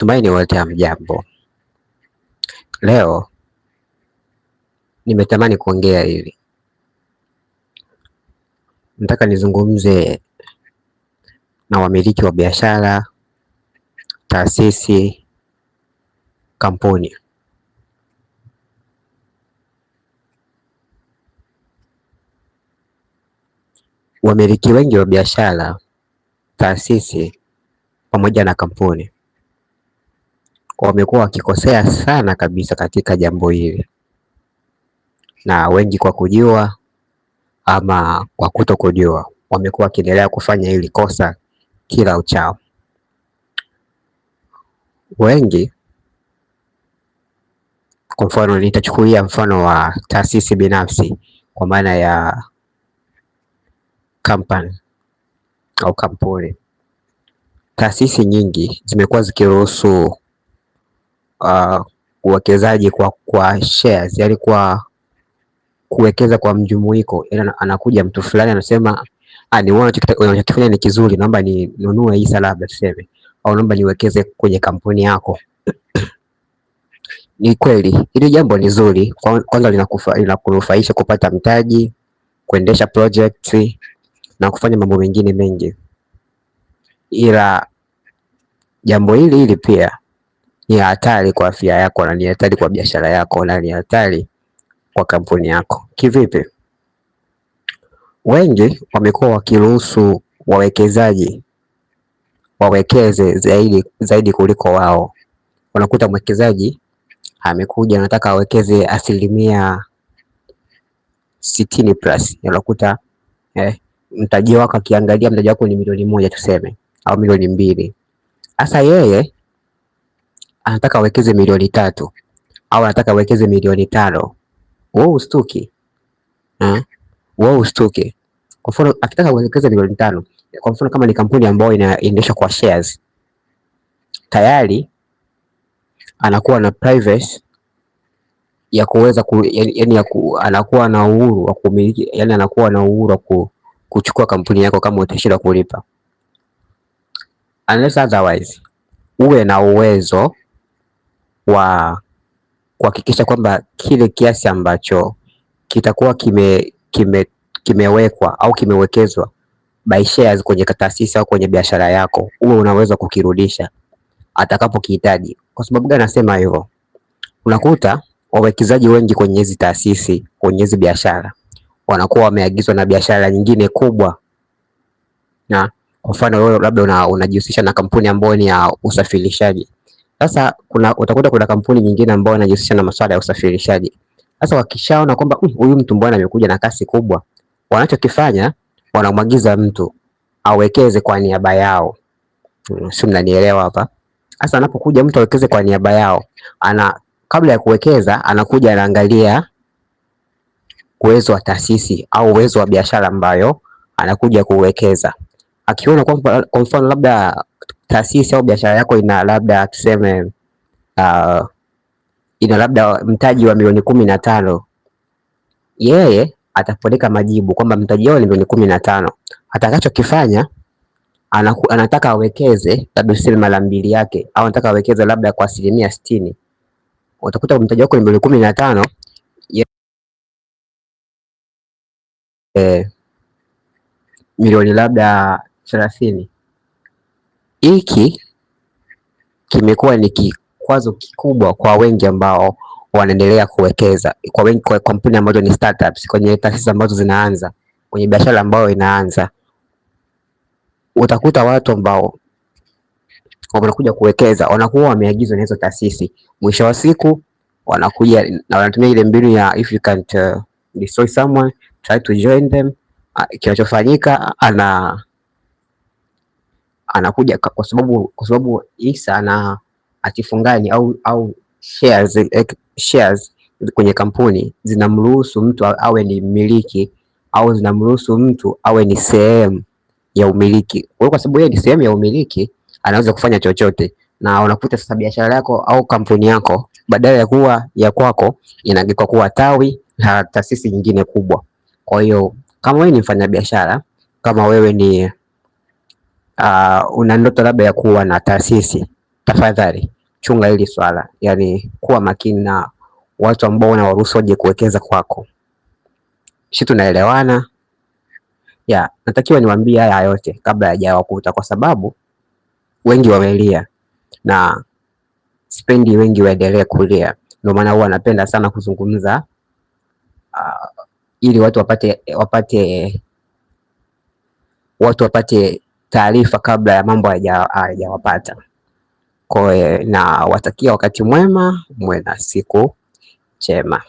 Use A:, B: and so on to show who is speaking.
A: Tumaini wote hamjambo. Leo nimetamani kuongea hivi, nataka nizungumze na wamiliki wa biashara, taasisi, kampuni. Wamiliki wengi wa biashara, taasisi pamoja na kampuni wamekuwa wakikosea sana kabisa katika jambo hili, na wengi kwa kujua ama kwa kuto kujua wamekuwa wakiendelea kufanya hili kosa kila uchao. Wengi kwa mfano, nitachukulia mfano wa taasisi binafsi kwa maana ya kampani au kampuni. Taasisi nyingi zimekuwa zikiruhusu uh, uwekezaji kwa, kwa shares, yani kwa kuwekeza kwa mjumuiko, yani anakuja mtu fulani anasema ah, wewe unachokifanya ni kizuri, naomba ninunue hisa labda tuseme, au naomba niwekeze kwenye kampuni yako. Ni kweli hili jambo ni zuri, kwanza linakunufaisha kupata mtaji, kuendesha project na kufanya mambo mengine mengi, ila jambo hili hili pia ni hatari kwa afya yako na ni hatari kwa biashara yako na ni hatari kwa kampuni yako. Kivipi? Wengi wamekuwa wakiruhusu wawekezaji wawekeze zaidi, zaidi kuliko wao. Unakuta mwekezaji amekuja anataka awekeze asilimia sitini plus, unakuta eh, mtaji wako akiangalia mtaji wako ni milioni moja tuseme au milioni mbili, hasa yeye anataka awekeze milioni tatu au anataka awekeze milioni tano, wewe ustuki eh, wewe ustuki. Kwa mfano akitaka kuwekeza milioni tano, kwa mfano kama ni kampuni ambayo inaendeshwa kwa shares, tayari anakuwa na privacy ya kuweza ku, yani ya ku, anakuwa na uhuru wa kumiliki, yani anakuwa na uhuru wa ku, kuchukua kampuni yako kama utashindwa kulipa, unless otherwise uwe na uwezo wa kuhakikisha kwamba kile kiasi ambacho kitakuwa kime, kime, kimewekwa au kimewekezwa by shares kwenye taasisi au kwenye biashara yako uwe unaweza kukirudisha atakapokihitaji. Kwa sababu gani nasema hivyo? Unakuta wawekezaji wengi kwenye hizi taasisi, kwenye hizi biashara wanakuwa wameagizwa na biashara nyingine kubwa, na kwa mfano wewe labda unajihusisha una na kampuni ambayo ni ya usafirishaji sasa kuna utakuta kuna kampuni nyingine ambayo inajihusisha na masuala ya usafirishaji. Sasa wakishaona kwamba huyu mtu mbona amekuja na kasi kubwa, wanachokifanya wanamwagiza mtu awekeze kwa niaba yao, hmm, si mnanielewa hapa? Sasa anapokuja mtu awekeze kwa niaba yao, ana kabla ya kuwekeza anakuja anaangalia uwezo wa taasisi au uwezo wa biashara ambayo anakuja kuwekeza. Akiona kwa mfano labda taasisi au biashara yako ina labda tuseme uh, ina labda mtaji wa milioni kumi na tano, yeye atapeleka majibu kwamba mtaji wao ni milioni kumi na tano. Atakachokifanya anaku, anataka awekeze labda tuseme mara mbili yake, au anataka awekeze labda kwa asilimia sitini. Utakuta mtaji wako ni milioni kumi na tano eh, milioni labda thelathini hiki kimekuwa ni kikwazo kikubwa kwa wengi ambao wanaendelea kuwekeza, kwa wengi, kwa kampuni ambazo ni startups, kwenye taasisi ambazo zinaanza, kwenye biashara ambayo inaanza. Utakuta watu ambao wanakuja kuwekeza wanakuwa wameagizwa na hizo taasisi, mwisho wa siku wanakuja na wanatumia ile mbinu ya if you can't uh, destroy someone try to join them. Ah, kinachofanyika ana anakuja kwa sababu kwa sababu Isa na akifungani au au shares, eh, shares kwenye kampuni zinamruhusu mtu awe ni mmiliki au zinamruhusu mtu awe ni sehemu ya umiliki. Kwa hiyo kwa sababu yeye ni sehemu ya umiliki, anaweza kufanya chochote, na unakuta sasa biashara yako au kampuni yako badala ya kuwa ya kwako inageuka kuwa tawi la taasisi nyingine kubwa. Kwa hiyo kama wewe ni mfanyabiashara, kama wewe ni uh, una ndoto labda ya kuwa na taasisi, tafadhali chunga hili swala, yani kuwa makini na watu ambao unawaruhusu waje kuwekeza kwako. Sisi tunaelewana ya, natakiwa niwaambie haya yote kabla hajawakuta, kwa sababu wengi wamelia na spendi wengi waendelee kulia. Ndio maana huwa napenda sana kuzungumza uh, ili watu wapate wapate watu wapate taarifa kabla ya mambo hayajawapata. Kwa hiyo na watakia wakati mwema, mwe na siku njema.